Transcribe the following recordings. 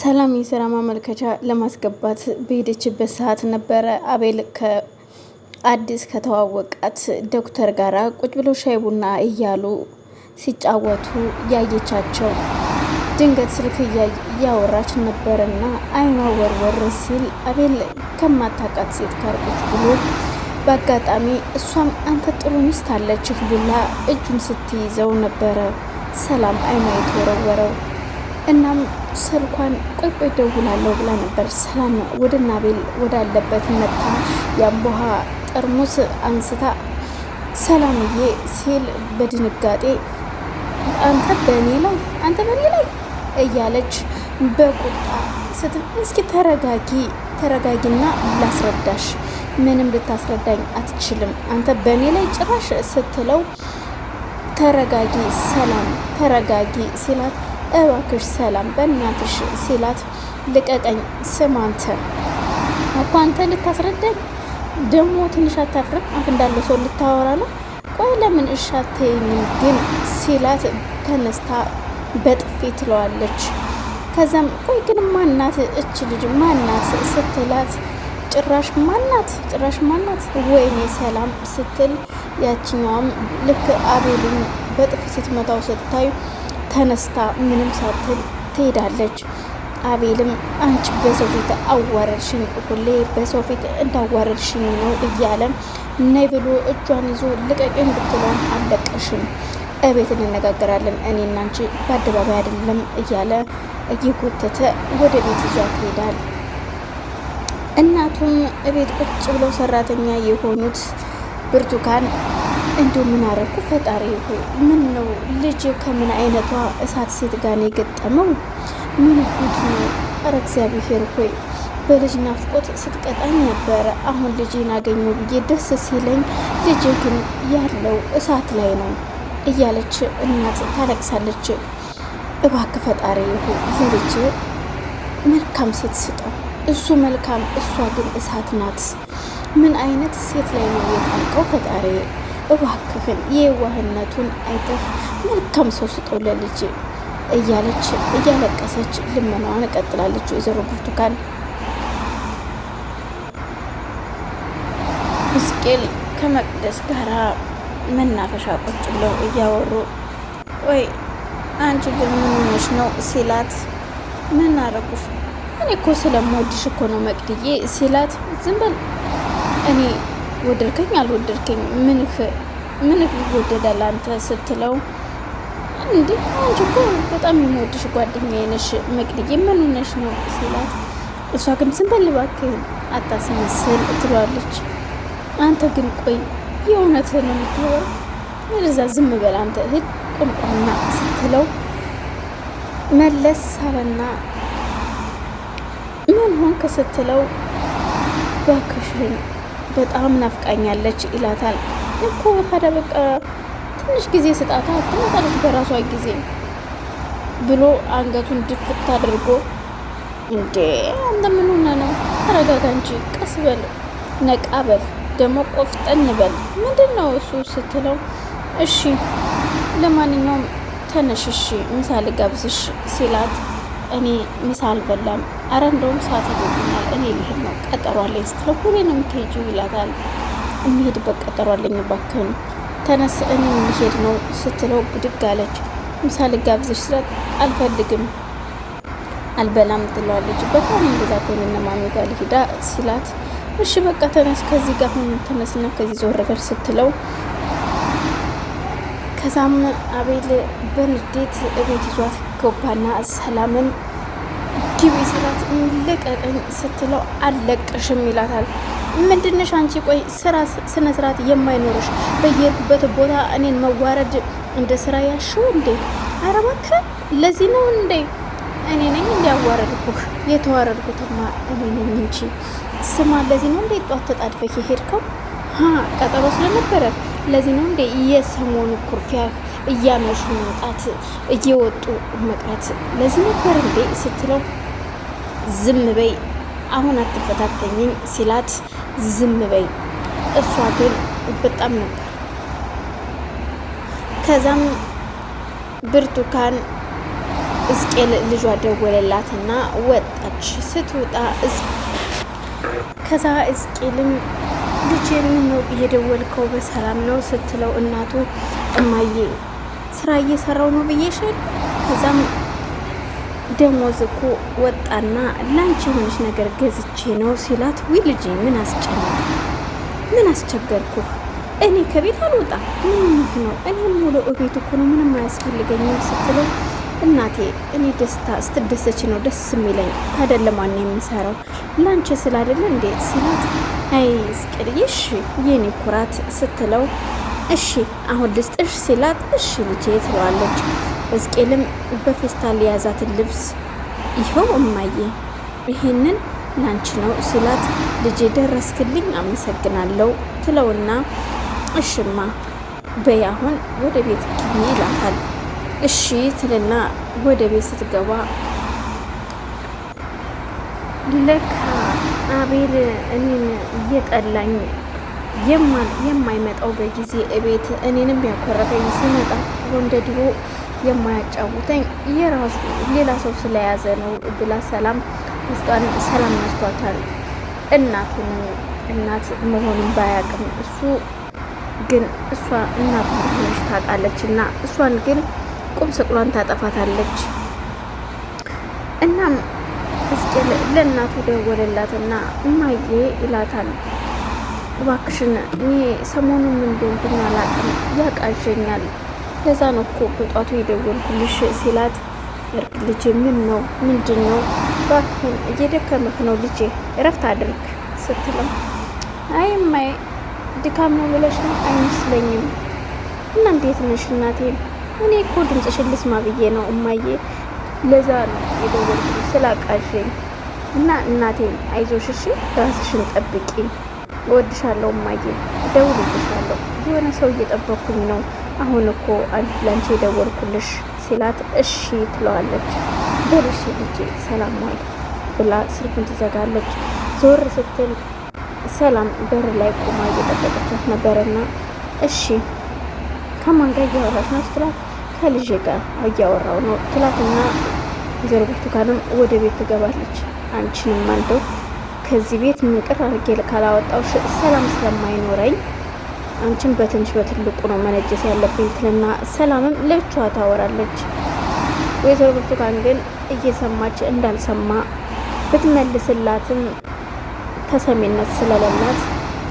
ሰላም የስራ ማመልከቻ ለማስገባት በሄደችበት ሰዓት ነበረ አቤል ከአዲስ ከተዋወቃት ዶክተር ጋር ቁጭ ብሎ ሻይ ቡና እያሉ ሲጫወቱ ያየቻቸው። ድንገት ስልክ እያወራች ነበርና አይኗ ወርወር ሲል አቤል ከማታውቃት ሴት ጋር ቁጭ ብሎ በአጋጣሚ እሷም አንተ ጥሩ ሚስት አለችህ ብላ እጁን ስትይዘው ነበረ ሰላም አይኗ የተወረወረው። እናም ስልኳን ቆይቆይ ደውላለሁ ብላ ነበር። ሰላም ወደ ናቤል ወዳለበት መታ ያም ጠርሙስ አንስታ ሰላምዬ ሲል በድንጋጤ አንተ በእኔ ላይ አንተ በእኔ ላይ እያለች በቁጣ ስት እስኪ ተረጋጊ ተረጋጊና ላስረዳሽ፣ ምንም ልታስረዳኝ አትችልም። አንተ በእኔ ላይ ጭራሽ ስትለው ተረጋጊ ሰላም ተረጋጊ ሲላት እባክሽ ሰላም በእናትሽ ሲላት ልቀቀኝ ስማ አንተ እኮ አንተ ልታስረዳኝ ደግሞ ትንሽ አታፍርም አፍ እንዳለው ሰው ልታወራ ነው ቆይ ለምን እሺ ግን ሲላት ተነስታ በጥፊ ትለዋለች ከዛም ቆይ ግን ማናት እች ልጅ ማናት ስትላት ጭራሽ ማናት ጭራሽ ማናት ወይኔ ሰላም ስትል ያችኛዋም ልክ አቤልን በጥፊ ስትመታው ስታዩ ተነስታ ምንም ሳትል ትሄዳለች። አቤልም አንቺ በሰው ፊት አዋረድሽኝ፣ ሁሌ በሰው ፊት እንዳዋረድሽኝ ነው እያለም ነይ ብሎ እጇን ይዞ ልቀቂን ብትለውም አለቀሽም፣ እቤት እንነጋገራለን እኔ እና አንቺ በአደባባይ አይደለም እያለ እየጎተተ ወደ ቤት ይዟት ይሄዳል። እናቱም እቤት ቁጭ ብለው ሰራተኛ የሆኑት ብርቱካን እንዲሁ ምን አረኩ ፈጣሪ ሆይ፣ ምን ነው ልጅ ከምን አይነቷ እሳት ሴት ጋር ነው የገጠመው? ምን ጉድ ነው? ኧረ እግዚአብሔር ሆይ በልጅ ናፍቆት ስትቀጣኝ ነበረ። አሁን ልጅን አገኘው ብዬ ደስ ሲለኝ ልጅ ግን ያለው እሳት ላይ ነው እያለች እናት ታለቅሳለች። እባክ ፈጣሪ ሆይ ለልጅ መልካም ሴት ስጠው። እሱ መልካም፣ እሷ ግን እሳት ናት። ምን አይነት ሴት ላይ ነው የታልቀው ፈጣሪ እባክህን የዋህነቱን አይተህ መልካም ሰው ስጠው ለልጅ እያለች እያለቀሰች ልመናዋን እቀጥላለች ወይዘሮ ብርቱካን። ምስቅል ከመቅደስ ጋር መናፈሻ ቁጭ ብለው እያወሩ ወይ አንቺ ግን ምን ሆነሽ ነው ሲላት፣ ምን አረጉሽ? እኔ እኮ ስለምወድሽ እኮ ነው መቅድዬ ሲላት፣ ዝም በል እኔ ወደድከኝ አልወደድከኝ ምን ምንህ ይወደዳል አንተ ስትለው እንዴ አንቺ እኮ በጣም የሚወድሽ ጓደኛዬ ነሽ መቅድዬ ምን ሆነሽ ነው ሲላት፣ እሷ ግን ዝም በል እባክህ አታስመስል ትሏለች። አንተ ግን ቆይ የእውነትህን ነው የምትለው ወደዛ ዝም በል አንተ እህት ቁምቋና ስትለው መለስ አለና ምን ሆንክ ስትለው እባክሽን በጣም ናፍቃኛለች ይላታል። እኮ ታዲያ በቃ ትንሽ ጊዜ ስጣታ ትመጣለች በራሷ ጊዜ ብሎ አንገቱን ድፍት አድርጎ እንዴ አንተ ምን ሆነ ነው? ተረጋጋ እንጂ ቀስ በል ነቃ በል ደግሞ ቆፍጠን በል ምንድን ነው እሱ ስትለው፣ እሺ ለማንኛውም ተነሽሺ ምሳሌ ጋብዝሽ ሲላት እኔ ምሳ አልበላም፣ አረ እንደውም ሰዓት ይሆናል፣ እኔ ልሄድ ነው ቀጠሮ አለኝ ስትለው ሁሌ ነው የምትሄጂው ይላታል። የሚሄድበት ቀጠሮ አለኝ እባክህን ተነስ፣ እኔ ልሄድ ነው ስትለው ብድግ አለች። ምሳ ልጋብዝሽ ስላት አልፈልግም፣ አልበላም ትለዋለች። በጣም እንደዛ ከሆነ ማሚ ጋር ልሂዳ ሲላት እሺ በቃ ተነስ፣ ከዚህ ጋር ሁን፣ ተነስና ከዚህ ዞር በል ስትለው ከዛም አቤል በንዴት እቤት ይዟት አስገባና ሰላምን ግቢ ስላት ልቀቀኝ ስትለው አለቅሽም ይላታል። ምንድንሽ አንቺ? ቆይ ስራ ስነ ስርዓት የማይኖርሽ በየሄድኩበት ቦታ እኔን መዋረድ እንደ ስራ ያሽው እንዴ? ኧረ እባክህ ለዚህ ነው እንዴ? እኔ ነኝ እንዲያዋረድኩህ። የተዋረድኩትማ እኔ ነኝ እንጂ ስማ፣ ለዚህ ነው እንዴ ጧት ተጣድፈህ የሄድከው? ቀጠሮ ስለነበረ ለዚህ ነው እንደ የሰሞኑ ኩርፊያ እያመሹ መውጣት እየወጡ መቅረት ለዚህ ነበር እንዴ ስትለው ዝም በይ አሁን አትፈታተኝኝ ሲላት ዝም በይ እሷ ግን በጣም ነበር። ከዛም ብርቱካን እስቄል ልጇ ደወለላትና ወጣች። ስትወጣ ከዛ እስቄልም ልጄ ምን ነው እየደወልከው በሰላም ነው ስትለው እናቱ እማዬ ስራ እየሰራው ነው ብዬሻል። ከዛም ደሞዝ እኮ ወጣና ላንቺ የሆነች ነገር ገዝቼ ነው ሲላት፣ ዊ ልጄ ምን አስጨነቅ ምን አስቸገርኩ እኔ ከቤት አልወጣ ምን ነው እኔ ሙሉ እቤት እኮ ነው ምንም አያስፈልገኝም ስትለው እናቴ እኔ ደስታ ስትደሰች ነው ደስ የሚለኝ አይደለም ዋና የምሰራው ላንቺ ስላደለ እንዴ ሲላት አይ ስቅድዬ እሺ የኔ ኩራት ስትለው እሺ አሁን ልስጥሽ ሲላት እሺ ልጄ ትለዋለች። እስቄልም በፌስታል የያዛትን ልብስ ይኸው እማዬ ይሄንን ላንቺ ነው ሲላት ልጄ ደረስክልኝ አመሰግናለሁ ትለውና እሽማ በይ አሁን ወደ ቤት ግቢ ይላታል። እሺ ትልና ወደ ቤት ስትገባ ለካ አቤል እኔን እየጠላኝ የማይመጣው በጊዜ እቤት እኔንም ያኮረፈኝ ሲመጣ እንደ ድሮ የማያጫውተኝ የራሱ ሌላ ሰው ስለያዘ ነው ብላ ሰላም ውስጧን ሰላም መስቷታል። እናቱን እናት መሆኑን ባያቅም እሱ ግን እሷ እናቱ ሆነች ታውቃለች እና እሷን ግን ቁም ስቅሏን ታጠፋታለች እናም ሲል ለእናቱ ደወለላትና እማዬ ይላታል። እባክሽን እኔ ሰሞኑን ምን እንደሆንኩኝ አላውቅም፣ ያቃዠኛል። ለዛ ነው እኮ በጧቱ የደወልኩልሽ ሲላት፣ እርግ ልጄ ምን ነው ምንድን ነው? እባክህን እየደከመህ ነው ልጄ፣ እረፍት አድርግ ስትለው፣ አይ እማዬ ድካም ነው ብለሽ ነው አይመስለኝም። እና እንዴት ነሽ እናቴ? እኔ እኮ ድምፅሽን ልስማ ብዬ ነው እማዬ፣ ለዛ ነው የደወልኩልሽ ስላቃዠኝ እና እናቴን አይዞሽ፣ እሺ ራስሽን ጠብቂ፣ እወድሻለሁ፣ እማዬ እደውልልሻለሁ፣ የሆነ ሰው እየጠበኩኝ ነው፣ አሁን እኮ ለአንቺ የደወልኩልሽ ሲላት፣ እሺ ትለዋለች። በልሽ ልጄ፣ ሰላም ዋይ ብላ ስልኩን ትዘጋለች። ዞር ስትል ሰላም በር ላይ ቆማ እየጠበቀቻት ነበረና እሺ ከማን ጋር እያወራች ነው ስትላት፣ ከልጄ ጋር እያወራው ነው ትላትና ወይዘሮ ብርቱካንም ወደ ቤት ትገባለች። አንቺንም አንተው ከዚህ ቤት ምንቅር አድርጌ ካላወጣው ሰላም ስለማይኖረኝ አንቺን በትንሽ በትልቁ ነው መነጀስ ያለብኝ ትልና ሰላምም ለብቻዋ ታወራለች። ወይዘሮ ብርቱካን ግን እየሰማች እንዳልሰማ ብትመልስላትም ተሰሚነት ስለሌላት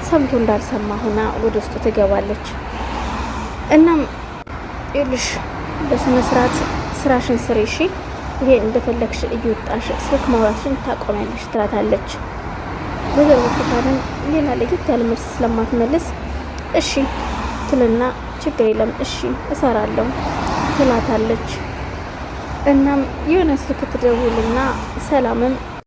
ሰምቶ እንዳልሰማ ሆና ወደ ውስጡ ትገባለች። እናም ይኸውልሽ በስነ ስርዓት ስራሽን ስሪ እሺ ይሄን እንደፈለግሽ እየወጣሽ ስልክ ማውራትሽን ታቆሚያለሽ ትላታለች። ወይዘሮ ብርቱካንም ሌላ ለየት ያለ መልስ ስለማትመልስ እሺ ትልና ችግር የለም እሺ እሰራለሁ ትላታለች። እናም የሆነ ስልክ ትደውልና ሰላምም